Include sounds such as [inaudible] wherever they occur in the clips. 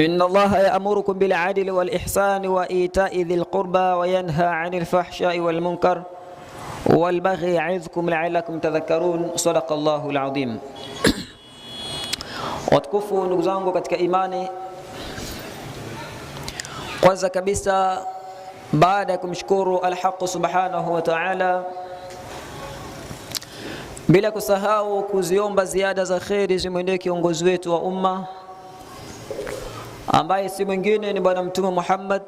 إن الله يأمركم بالعدل والإحسان وإيتاء ذي القربى وينهى عن الفحشاء والمنكر والبغي يعظكم لعلكم تذكرون صدق الله العظيم watukufu ndugu zangu katika imani kwanza kabisa baada ya kumshukuru alhaqu subhanahu wa taala bila kusahau kuziomba ziada za kheri zimwendee kiongozi wetu wa umma ambaye si mwingine ni bwana mtume Muhammad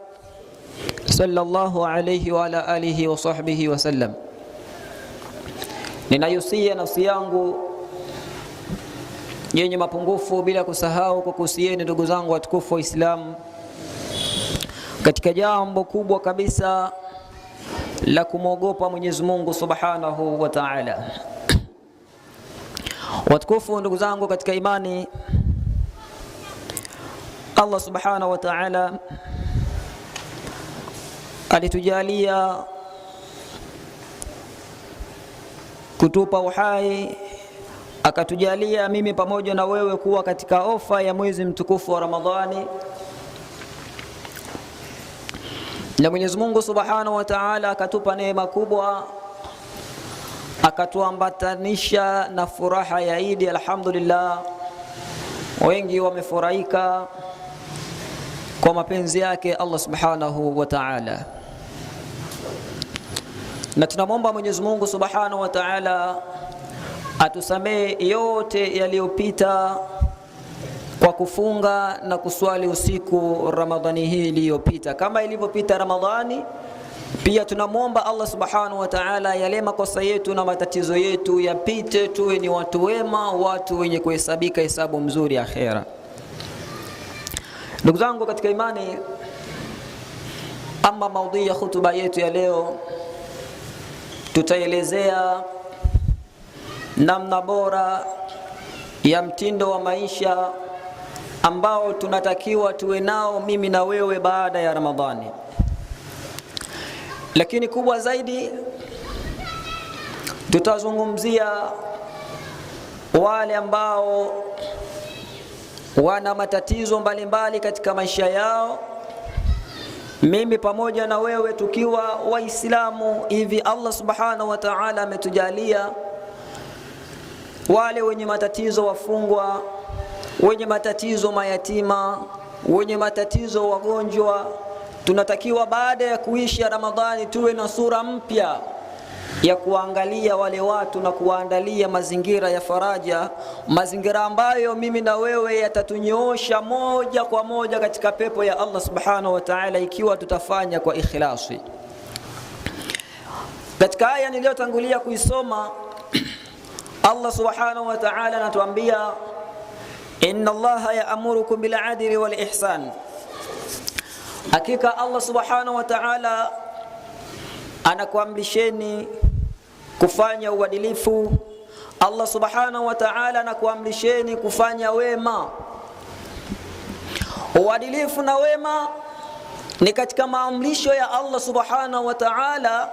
sallallahu alayhi wa ala alihi wa sahbihi sallam. Ninayusia nafsi yangu yenye mapungufu bila kusahau kwa kuhusieni ndugu zangu watukufu Waislamu katika jambo kubwa kabisa la kumwogopa Mwenyezi Mungu Subhanahu wa Ta'ala. Watukufu ndugu zangu katika imani Allah subhanahu wa ta'ala alitujalia kutupa uhai akatujalia mimi pamoja na wewe kuwa katika ofa ya mwezi mtukufu wa Ramadhani na Mwenyezi Mungu Subhanahu wa Ta'ala akatupa neema kubwa akatuambatanisha na furaha ya Idi. Alhamdulillah, wengi wamefurahika kwa mapenzi yake Allah subhanahu wa ta'ala, na tunamwomba Mwenyezi Mungu subhanahu wa ta'ala atusamee yote yaliyopita kwa kufunga na kuswali usiku Ramadhani hii iliyopita, kama ilivyopita Ramadhani. Pia tunamwomba Allah subhanahu wa ta'ala, yale makosa yetu na matatizo yetu yapite, tuwe ni watu wema, watu wenye kuhesabika hesabu mzuri akhera. Ndugu zangu katika imani, ama maudhui ya hutuba yetu ya leo, tutaelezea namna bora ya mtindo wa maisha ambao tunatakiwa tuwe nao mimi na wewe baada ya Ramadhani. Lakini kubwa zaidi, tutazungumzia wale ambao wana matatizo mbalimbali mbali katika maisha yao. Mimi pamoja na wewe tukiwa Waislamu hivi, Allah subhanahu wa ta'ala ametujalia wale wenye matatizo wafungwa, wenye matatizo mayatima, wenye matatizo wagonjwa. Tunatakiwa baada ya kuisha Ramadhani tuwe na sura mpya ya kuwaangalia wale watu na kuwaandalia mazingira ya faraja, mazingira ambayo mimi na wewe yatatunyoosha moja kwa moja katika pepo ya Allah subhanahu wa ta'ala, ikiwa tutafanya kwa ikhlasi. Katika aya niliyotangulia kuisoma, [clears throat] Allah subhanahu wa ta'ala anatuambia inna Allaha ya'murukum bil adli wal ihsan, hakika Allah subhanahu wa ta'ala anakuamrisheni kufanya uadilifu. Allah subhanahu wa ta'ala anakuamrisheni kufanya wema. Uadilifu na wema ni katika maamrisho ya Allah subhanahu wa ta'ala,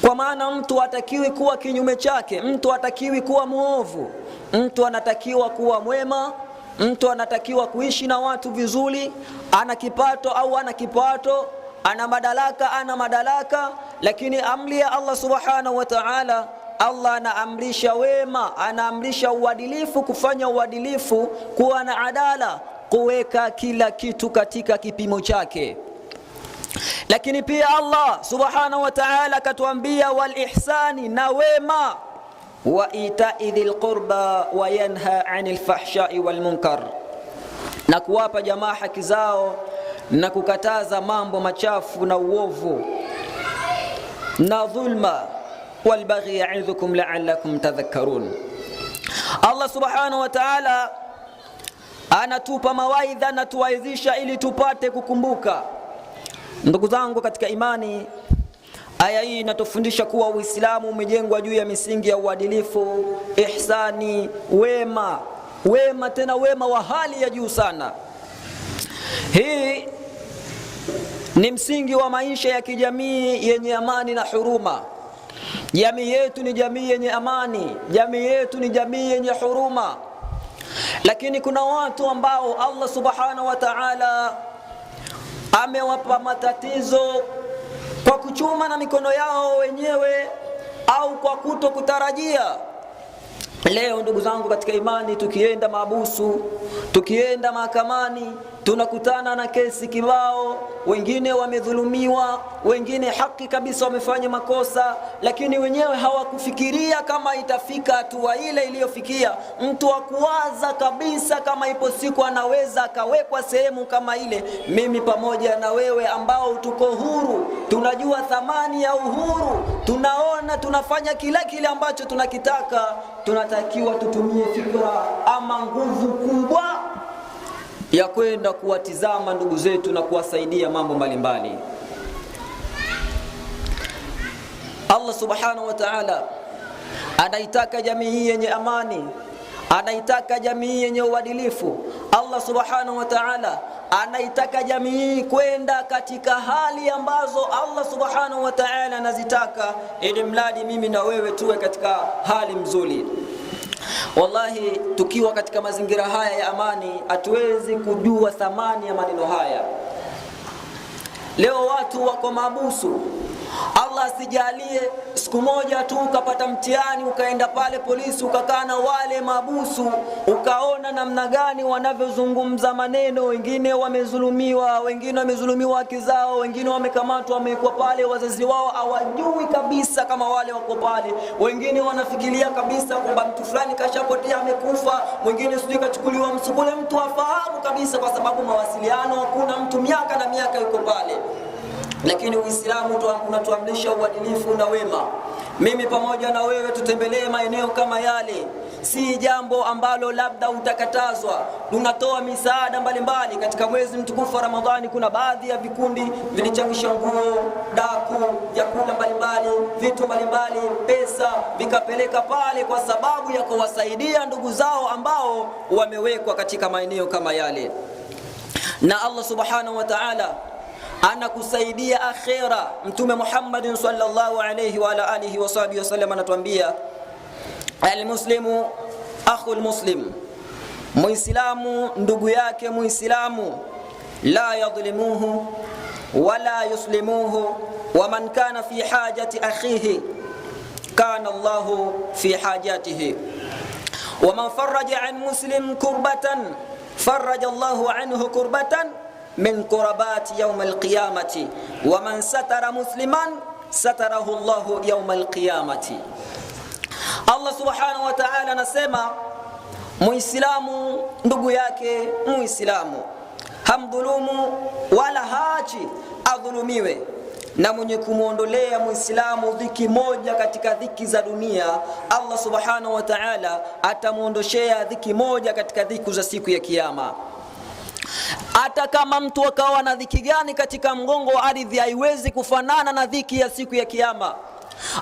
kwa maana mtu hatakiwi kuwa kinyume chake, mtu hatakiwi kuwa mwovu, mtu anatakiwa kuwa mwema mtu anatakiwa kuishi na watu vizuri, ana kipato au ana kipato, ana madaraka ana madaraka, lakini amri ya Allah subhanahu wa ta'ala, Allah anaamrisha wema, anaamrisha uadilifu, kufanya uadilifu, kuwa na adala, kuweka kila kitu katika kipimo chake. Lakini pia Allah subhanahu wa ta'ala akatuambia wal ihsani, na wema wa itai dhil qurba wa yanha anil fahshai wal munkar, na kuwapa jamaa haki zao na kukataza mambo machafu na uovu na dhulma walbaghi yaidhukum laalakum tadhakkarun. Allah subhanahu wa ta'ala anatupa mawaidha na tuwaidhisha ili tupate kukumbuka. Ndugu zangu katika imani, aya hii inatufundisha kuwa Uislamu umejengwa juu ya misingi ya uadilifu, ihsani, wema, wema tena wema wa hali ya juu sana. Hii ni msingi wa maisha ya kijamii yenye amani na huruma. Jamii yetu ni jamii yenye amani, jamii yetu ni jamii yenye huruma, lakini kuna watu ambao Allah subhanahu wa ta'ala amewapa matatizo kwa kuchuma na mikono yao wenyewe au kwa kuto kutarajia. Leo ndugu zangu katika imani, tukienda mahabusu, tukienda mahakamani, tunakutana na kesi kibao. Wengine wamedhulumiwa, wengine haki kabisa, wamefanya makosa, lakini wenyewe hawakufikiria kama itafika hatua ile iliyofikia. Mtu hakuwaza kabisa kama ipo siku anaweza akawekwa sehemu kama ile. Mimi pamoja na wewe ambao tuko huru, tunajua thamani ya uhuru, tunaona tunafanya kila kile ambacho tunakitaka tunatakiwa tutumie fikra ama nguvu kubwa ya kwenda kuwatizama ndugu zetu na kuwasaidia mambo mbalimbali. Allah subhanahu wa ta'ala anaitaka jamii hii yenye amani anaitaka jamii yenye uadilifu. Allah subhanahu wa ta'ala anaitaka jamii kwenda katika hali ambazo Allah subhanahu wa ta'ala anazitaka, ili mradi mimi na wewe tuwe katika hali mzuri. Wallahi, tukiwa katika mazingira haya ya amani, hatuwezi kujua thamani ya maneno haya. Leo watu wako mabusu Allah asijalie siku moja tu ukapata mtihani ukaenda pale polisi ukakaa na wale mabusu ukaona namna gani wanavyozungumza maneno. Wengine wamezulumiwa, wengine wamezulumiwa haki zao, wengine wamekamatwa, wamekuwa pale, wazazi wao hawajui kabisa kama wale wako pale. Wengine wanafikiria kabisa kwamba mtu fulani kashapotea, amekufa, mwingine sijui kachukuliwa msukule, mtu afahamu kabisa, kwa sababu mawasiliano hakuna, mtu miaka na miaka yuko pale lakini Uislamu unatuamrisha uadilifu na wema. Mimi pamoja na wewe tutembelee maeneo kama yale, si jambo ambalo labda utakatazwa. Tunatoa misaada mbalimbali katika mwezi mtukufu wa Ramadhani. Kuna baadhi ya vikundi vilichangisha nguo, daku, vyakula mbalimbali, vitu mbalimbali, pesa, vikapeleka pale kwa sababu ya kuwasaidia ndugu zao ambao wamewekwa katika maeneo kama yale, na Allah subhanahu wa ta'ala anakusaidia akhera. Mtume Muhammadin sallallahu alayhi wa ala alihi wa sahbihi wasallam anatuambia almuslimu akhul muslim, muislamu ndugu yake muislamu, la yadhlimuhu wala yuslimuhu, wa man kana fi hajati akhihi kana Allahu fi hajatihi, wa man faraja an muslim kurbatan faraja Allahu anhu kurbatan min kurabati yauma alqiyamati man satara musliman satarahu llahu yauma alqiyamati. Allah subhanahu wa ta'ala anasema muislamu ndugu yake muislamu hamdhulumu wala haachi adhulumiwe na mwenye kumwondolea mwislamu dhiki moja katika dhiki za dunia allah subhanahu wa taala atamwondoshea dhiki moja katika dhiki za siku ya kiama hata kama mtu akawa na dhiki gani katika mgongo wa ardhi, haiwezi kufanana na dhiki ya siku ya Kiyama.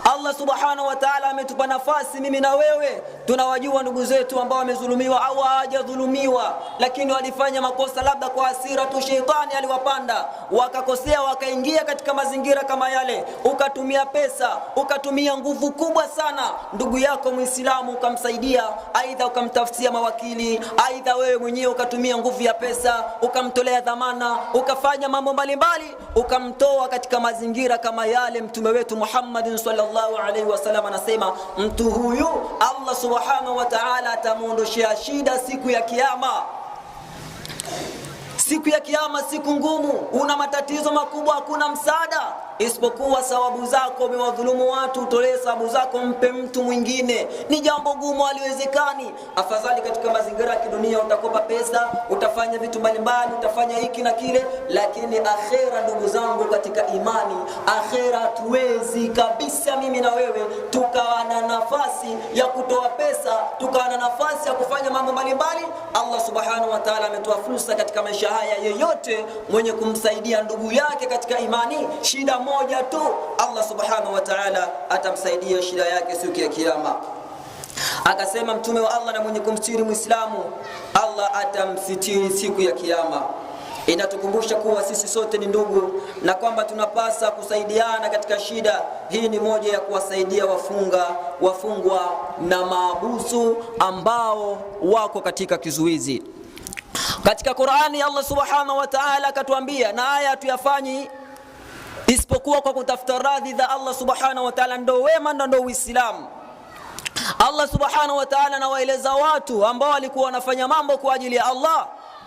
Allah subhanahu wa ta'ala ametupa nafasi, mimi na wewe tunawajua ndugu zetu ambao wamezulumiwa au hawajadhulumiwa, lakini walifanya makosa, labda kwa hasira tu, sheitani aliwapanda, wakakosea, wakaingia katika mazingira kama yale, ukatumia pesa, ukatumia nguvu kubwa sana, ndugu yako Muislamu ukamsaidia, aidha ukamtafsia mawakili, aidha wewe mwenyewe ukatumia nguvu ya pesa, ukamtolea dhamana, ukafanya mambo mbalimbali, ukamtoa katika mazingira kama yale. Mtume wetu Muhammad sallallahu wasallam anasema mtu huyu Allah subhanahu wa ta'ala atamwondoshea shida siku ya kiama Siku ya Kiyama siku ngumu, una matatizo makubwa, hakuna msaada isipokuwa sababu zako. Umewadhulumu watu, utolee sababu zako, mpe mtu mwingine. Ni jambo gumu, haliwezekani. Afadhali katika mazingira ya kidunia utakopa pesa, utafanya vitu mbalimbali, utafanya hiki na kile, lakini akhera, ndugu zangu katika imani, akhera hatuwezi kabisa mimi na wewe tukawa na nafasi ya kutoa pesa, tukawa na nafasi ya kufanya mambo mbalimbali. Allah subhanahu wa ta'ala ametoa fursa katika maisha haya yeyote mwenye kumsaidia ndugu yake katika imani, shida moja tu, Allah subhanahu wa ta'ala atamsaidia shida yake siku ya Kiyama. Akasema mtume wa Allah, na mwenye kumstiri Muislamu Allah atamsitiri siku ya Kiyama. Inatukumbusha kuwa sisi sote ni ndugu na kwamba tunapasa kusaidiana katika shida. Hii ni moja ya kuwasaidia wafunga wafungwa na maabusu ambao wako katika kizuizi. Katika Qur'ani Allah subhanahu wa ta'ala akatuambia, na haya hatuyafanyi isipokuwa kwa kutafuta radhi za Allah subhanahu wa ta'ala, ndo wema na ndo Uislamu. Allah subhanahu wa ta'ala anawaeleza watu ambao walikuwa wanafanya mambo kwa ajili ya Allah,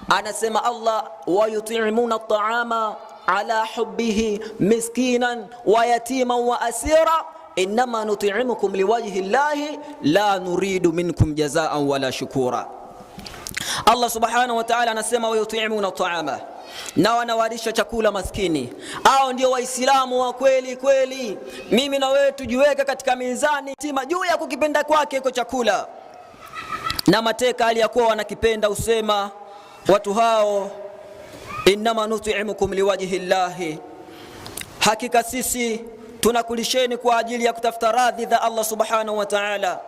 anasema Allah wayutimuna taama ala hubbihi miskinan wa yatima wa asira inma nutimukum liwajhi llahi la nuridu minkum jazaan wala shukura Allah subhanahu wa ta'ala anasema wayutimuna taama, na wanawalisha chakula maskini. Hao ndio Waislamu wa kweli kweli. Mimi na wewe tujiweke katika mizani tima juu ya kukipenda kwake iko chakula, na mateka aliyakuwa wanakipenda usema watu hao, innama nutimukum liwajhi llahi, hakika sisi tunakulisheni kwa ajili ya kutafuta radhi za Allah subhanahu wa ta'ala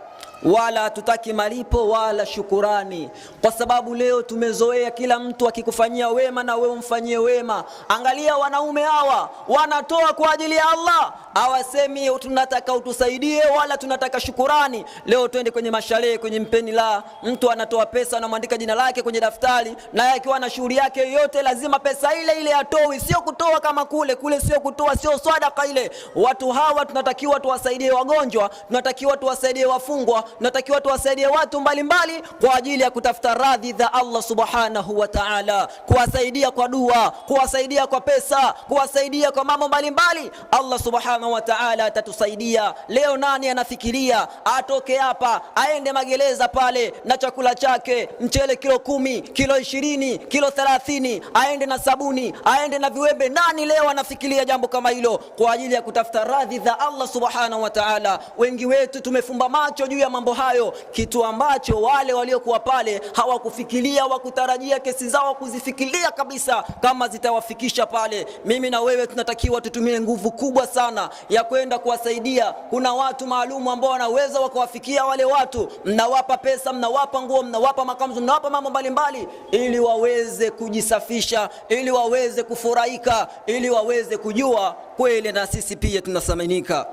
wala hatutaki malipo wala shukurani, kwa sababu leo tumezoea kila mtu akikufanyia wema na wewe umfanyie wema. Angalia wanaume hawa wanatoa kwa ajili ya Allah, hawasemi tunataka utusaidie wala tunataka shukurani. Leo twende kwenye masharehe, kwenye mpeni la mtu anatoa pesa, anamwandika jina lake kwenye daftari, naye akiwa na shughuli yake yoyote, lazima pesa ile ile atoe, Sio kutoa kama kule kule, sio kutoa, sio sadaka ile. Watu hawa tunatakiwa tuwasaidie wagonjwa, tunatakiwa tuwasaidie wafungwa natakiwa tuwasaidie watu mbalimbali mbali, kwa ajili ya kutafuta radhi za Allah subhanahu wa ta'ala, kuwasaidia kwa dua, kuwasaidia kwa pesa, kuwasaidia kwa mambo mbalimbali. Allah subhanahu wa ta'ala atatusaidia. Leo nani anafikiria atoke hapa aende magereza pale na chakula chake mchele kilo kumi, kilo ishirini, kilo thelathini, aende na sabuni, aende na viwembe? Nani leo anafikiria jambo kama hilo kwa ajili ya kutafuta radhi za Allah subhanahu wa ta'ala? Wengi wetu tumefumba macho juu ya mambo hayo, kitu ambacho wale waliokuwa pale hawakufikiria, wakutarajia kesi zao kuzifikiria kabisa kama zitawafikisha pale. Mimi na wewe tunatakiwa tutumie nguvu kubwa sana ya kwenda kuwasaidia. Kuna watu maalumu ambao wanaweza wakawafikia wale watu, mnawapa pesa, mnawapa nguo, mnawapa makamzo, mnawapa mambo mbalimbali, ili waweze kujisafisha, ili waweze kufurahika, ili waweze kujua kweli na sisi pia tunasaminika.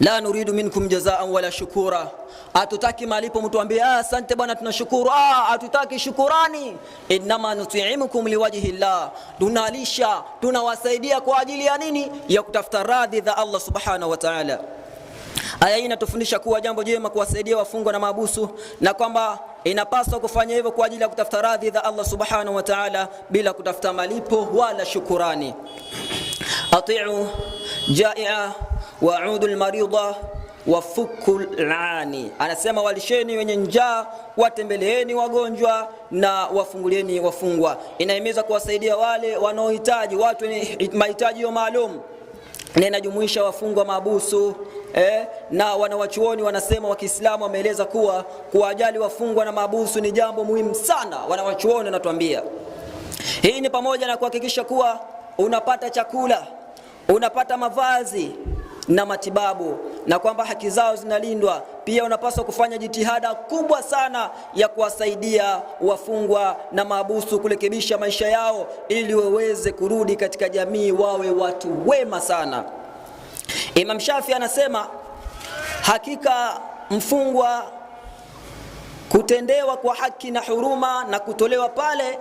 La nuridu minkum jazaan wala shukura, atutaki malipo Mtu ah, asante bwana, tunashukuru. Ah, Atutaki shukurani. Innama nutimukum liwajhi llah, tunalisha tunawasaidia kwa ajili ya nini? Ya kutafuta radhi za Allah subhanahu wa ta'ala. Aya hii inatufundisha kuwa jambo jema kuwasaidia wafungwa na mahabusu na kwamba inapaswa kufanya hivyo kwa ajili ya kutafuta radhi za Allah subhanahu wa ta'ala bila kutafuta malipo wala shukurani. Atiu jaia waudu lmaridha wafuku lani, anasema walisheni wenye njaa, watembeleeni wagonjwa na wafungulieni wafungwa. Inahimiza kuwasaidia wale wanaohitaji, watu wenye mahitaji maalum na inajumuisha wafungwa mabusu eh. Na wanawachuoni wanasema wa Kiislamu wameeleza kuwa kuwajali wafungwa na mabusu ni jambo muhimu sana. Wanawachuoni wanatuambia hii ni pamoja na kuhakikisha kuwa unapata chakula, unapata mavazi na matibabu na kwamba haki zao zinalindwa. Pia unapaswa kufanya jitihada kubwa sana ya kuwasaidia wafungwa na maabusu kurekebisha maisha yao ili waweze kurudi katika jamii, wawe watu wema sana. Imam Shafi anasema hakika mfungwa kutendewa kwa haki na huruma na kutolewa pale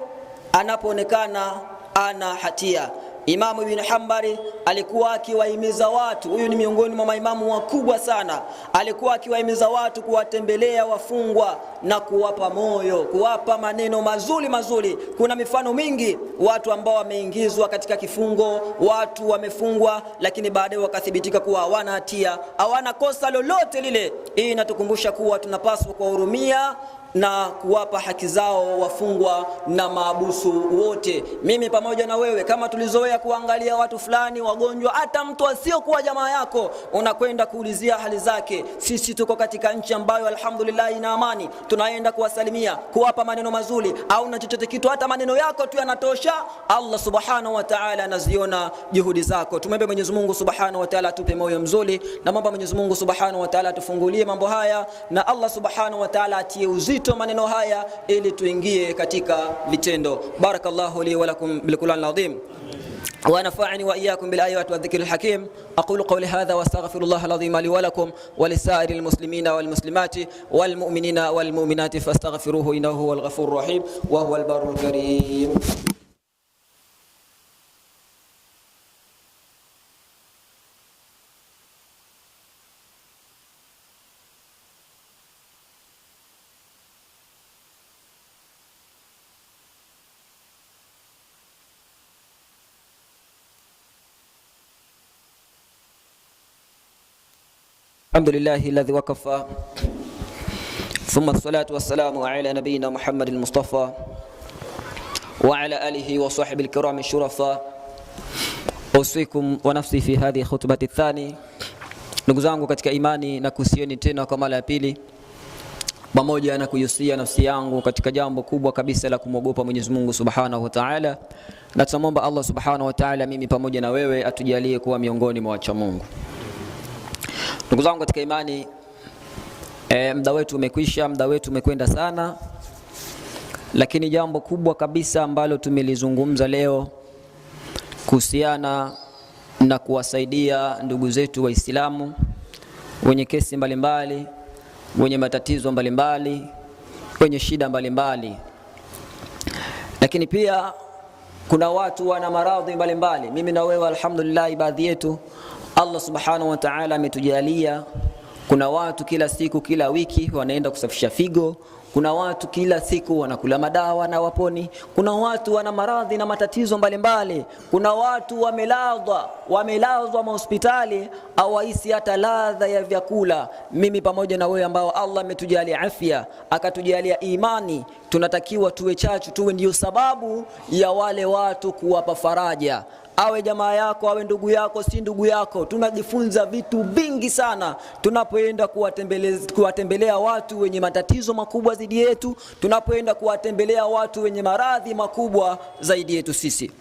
anapoonekana ana hatia Imamu Ibn hambari alikuwa akiwahimiza watu, huyu ni miongoni mwa maimamu wakubwa sana, alikuwa akiwahimiza watu kuwatembelea wafungwa na kuwapa moyo, kuwapa maneno mazuri mazuri. Kuna mifano mingi, watu ambao wameingizwa katika kifungo, watu wamefungwa, lakini baadaye wakathibitika kuwa hawana hatia, hawana kosa lolote lile. Hii inatukumbusha kuwa tunapaswa kuwahurumia na kuwapa haki zao wafungwa na maabusu wote, mimi pamoja na wewe. Kama tulizoea kuangalia watu fulani wagonjwa, hata mtu asiyokuwa jamaa yako unakwenda kuulizia hali zake. Sisi tuko katika nchi ambayo alhamdulillah ina amani, tunaenda kuwasalimia, kuwapa maneno mazuri au na chochote kitu, hata maneno yako tu yanatosha. Allah subhanahu wa ta'ala anaziona juhudi zako. Tumwombe Mwenyezi Mungu subhanahu wa ta'ala atupe moyo mzuri, na mwomba Mwenyezi Mungu subhanahu wa ta'ala tufungulie mambo haya, na Allah subhanahu wa ta'ala atie uzito nzito maneno haya ili tuingie katika vitendo barakallahu li wa lakum bil Qur'an adhim ونفعني وإياكم بالآيات والذكر الحكيم أقول قولي هذا وأستغفر الله العظيم لي ولكم ولسائر المسلمين والمسلمات والمؤمنين والمؤمنات فاستغفروه إنه هو الغفور الرحيم وهو البر الكريم الحمد لله الذي وكفى ثم الصلاة والسلام على نبينا محمد المصطفى وعلى آله وصحبه الكرام الشرفاء أوصيكم ونفسي في هذه الخطبة الثانية ndugu zangu katika imani, na kusieni tena kwa mara ya pili, pamoja na kuiusia nafsi yangu katika jambo kubwa kabisa la kumwogopa Mwenyezi Mungu Subhanahu wa Ta'ala, na tunamwomba Allah Subhanahu wa Ta'ala, mimi pamoja na wewe atujalie kuwa miongoni mwa wacha Mungu. Ndugu zangu katika imani e, muda wetu umekwisha, muda wetu umekwenda sana, lakini jambo kubwa kabisa ambalo tumelizungumza leo kuhusiana na kuwasaidia ndugu zetu Waislamu wenye kesi mbalimbali mbali, wenye matatizo mbalimbali mbali, wenye shida mbalimbali mbali. Lakini pia kuna watu wana maradhi mbalimbali. Mimi na wewe alhamdulillah, baadhi yetu Allah subhanahu wa ta'ala ametujalia kuna watu kila siku kila wiki wanaenda kusafisha figo. Kuna watu kila siku wanakula madawa na waponi. Kuna watu wana maradhi na matatizo mbalimbali. Kuna watu wamelazwa, wamelazwa mahospitali awahisi hata ladha ya vyakula. Mimi pamoja na wewe ambao Allah ametujalia afya akatujalia imani, tunatakiwa tuwe chachu, tuwe ndiyo sababu ya wale watu kuwapa faraja awe jamaa yako, awe ndugu yako, si ndugu yako. Tunajifunza vitu vingi sana tunapoenda kuwatembelea, kuwatembelea watu wenye matatizo makubwa zaidi yetu, tunapoenda kuwatembelea watu wenye maradhi makubwa zaidi yetu sisi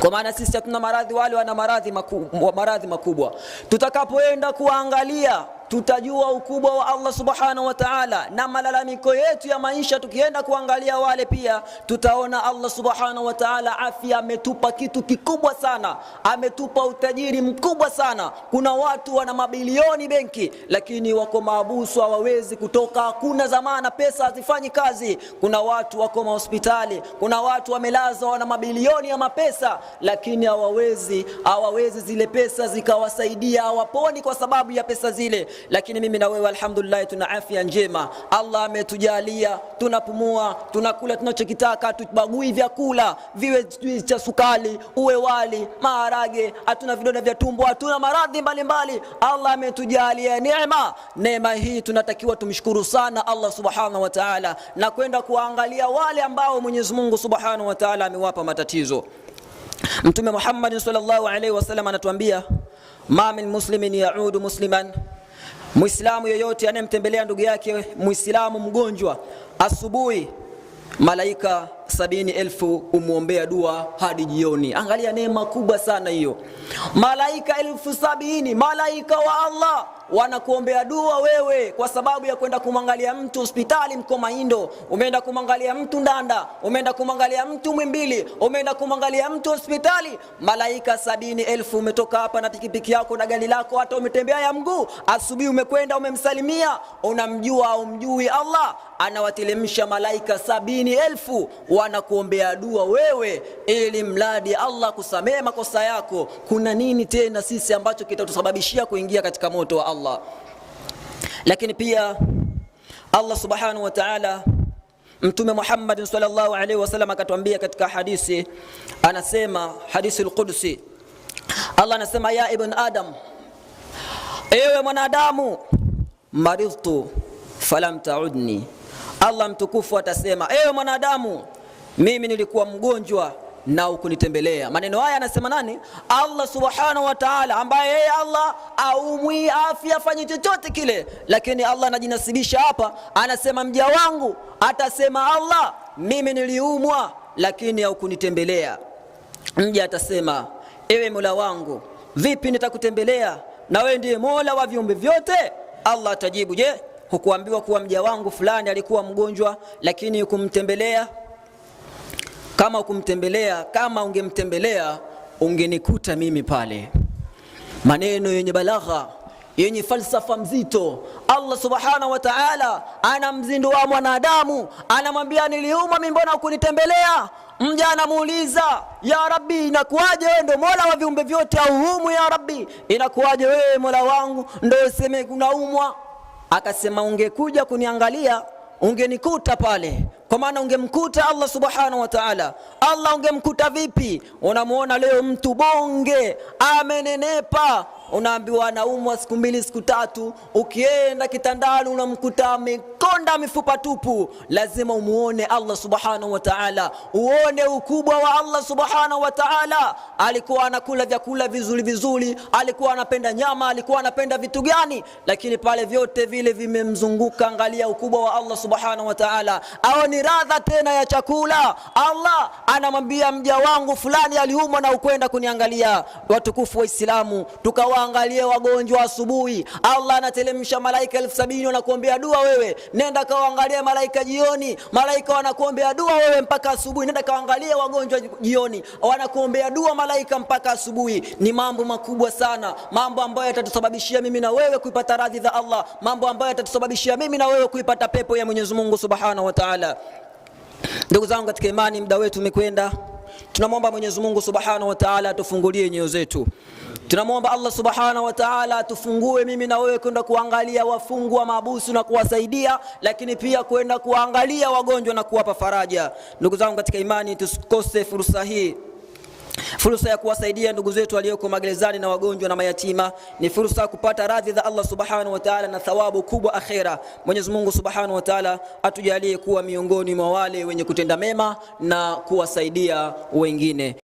kwa maana sisi hatuna maradhi, wale wana maradhi makubwa. Maradhi makubwa tutakapoenda kuangalia tutajua ukubwa wa Allah subhanahu wa ta'ala, na malalamiko yetu ya maisha. Tukienda kuangalia wale, pia tutaona Allah subhanahu wa ta'ala afya ametupa kitu kikubwa sana, ametupa utajiri mkubwa sana. Kuna watu wana mabilioni benki, lakini wako maabusu, hawawezi kutoka, hakuna zamana, pesa hazifanyi kazi. Kuna watu wako mahospitali, kuna watu wamelazwa, wana mabilioni ya mapesa, lakini hawawezi hawawezi zile pesa zikawasaidia, hawaponi kwa sababu ya pesa zile lakini mimi na wewe alhamdulillah tuna afya njema, Allah ametujalia tunapumua, tunakula tunachokitaka, tubagui vyakula viwe cha sukali, uwe wali, maharage, hatuna vidonda vya tumbo, hatuna maradhi mbalimbali. Allah ametujalia neema. Neema hii tunatakiwa tumshukuru sana Allah subhanahu wa ta'ala, na kwenda kuangalia wale ambao Mwenyezi Mungu subhanahu wa ta'ala amewapa matatizo. Mtume Muhammad sallallahu alaihi wasallam anatuambia ma min muslimin yaudu musliman Muislamu yoyote anayemtembelea ndugu yake Muislamu mgonjwa asubuhi, malaika sabini elfu umwombea dua hadi jioni. Angalia neema kubwa sana hiyo. Malaika elfu sabini malaika wa Allah wanakuombea dua wewe kwa sababu ya kwenda kumwangalia mtu hospitali mko Maindo, umeenda kumwangalia mtu Ndanda, umeenda kumwangalia mtu Mwimbili, umeenda kumwangalia mtu hospitali. Malaika sabini elfu umetoka hapa na pikipiki yako na gari lako, hata umetembea ya mguu, asubuhi umekwenda umemsalimia, unamjua au mjui, Allah anawatelemsha malaika sabini elfu wanakuombea dua wewe, ili mradi Allah kusamehe makosa yako. Kuna nini tena sisi ambacho kitatusababishia kuingia katika moto wa Allah? Lakini pia Allah subhanahu wa ta'ala, Mtume Muhammad sallallahu alaihi wasallam akatwambia katika hadisi, anasema hadithi al-Qudsi, Allah anasema ya ibn Adam, ewe mwanadamu, maridhtu falam taudni. Allah mtukufu atasema, ewe mwanadamu mimi nilikuwa mgonjwa na ukunitembelea. Maneno haya anasema nani? Allah subhanahu wa ta'ala, ambaye yeye Allah aumwi afya afanye chochote kile, lakini Allah anajinasibisha hapa, anasema mja wangu, atasema Allah, mimi niliumwa lakini haukunitembelea. Mja atasema ewe Mola wangu, vipi nitakutembelea na wewe ndiye Mola wa viumbe vyote? Allah atajibu, je, hukuambiwa kuwa mja wangu fulani alikuwa mgonjwa lakini hukumtembelea? kama kumtembelea, kama ungemtembelea ungenikuta mimi pale. Maneno yenye balagha yenye falsafa mzito. Allah subhanahu wa ta'ala anamzindua mwanadamu, anamwambia niliumwa mimi, mbona ukunitembelea? Mja anamuuliza ya Rabbi, inakuwaje wewe ndo mola wa viumbe vyote auhumu? Ya Rabbi, inakuwaje wewe mola wangu ndo useme unaumwa? Akasema, ungekuja kuniangalia ungenikuta pale kwa maana ungemkuta Allah subhanahu wa ta'ala, Allah ungemkuta vipi? Unamwona leo mtu bonge amenenepa unaambiwa anaumwa siku mbili siku tatu. Ukienda kitandani unamkuta amekonda mifupa tupu. Lazima umuone Allah subhanahu wa ta'ala, uone ukubwa wa Allah subhanahu wa ta'ala. Alikuwa anakula vyakula vizuri vizuri, alikuwa anapenda nyama, alikuwa anapenda vitu gani? Lakini pale vyote vile vimemzunguka. Angalia ukubwa wa Allah subhanahu wa ta'ala, au radha tena ya chakula. Allah anamwambia mja wangu fulani aliumwa na ukwenda kuniangalia. Watukufu wa Islamu tukawa kawaangalie wagonjwa asubuhi. Allah anatelemsha malaika elfu sabini wanakuombea dua wewe, nenda kawaangalie malaika jioni. Malaika wanakuombea dua wewe mpaka asubuhi, nenda kawaangalie wagonjwa jioni, wanakuombea dua malaika mpaka asubuhi. Ni mambo makubwa sana, mambo ambayo yatatusababishia mimi na wewe kuipata radhi za Allah, mambo ambayo yatatusababishia mimi na wewe kuipata pepo ya Mwenyezi Mungu Subhanahu wa Ta'ala. Ndugu zangu katika imani, muda wetu umekwenda. Tunamwomba Mwenyezi Mungu Subhanahu wa Ta'ala atufungulie nyoyo zetu. Tunamwomba Allah subhanahu wa ta'ala atufungue mimi na wewe kwenda kuangalia wafungwa wa na kuwasaidia, lakini pia kwenda kuangalia wagonjwa na kuwapa faraja. Ndugu zangu katika imani, tusikose fursa hii fursa ya kuwasaidia ndugu zetu walioko magerezani na wagonjwa na mayatima. Ni fursa ya kupata radhi za Allah subhanahu wa ta'ala na thawabu kubwa akhera. Mwenyezi Mungu subhanahu wa ta'ala atujalie kuwa miongoni mwa wale wenye kutenda mema na kuwasaidia wengine.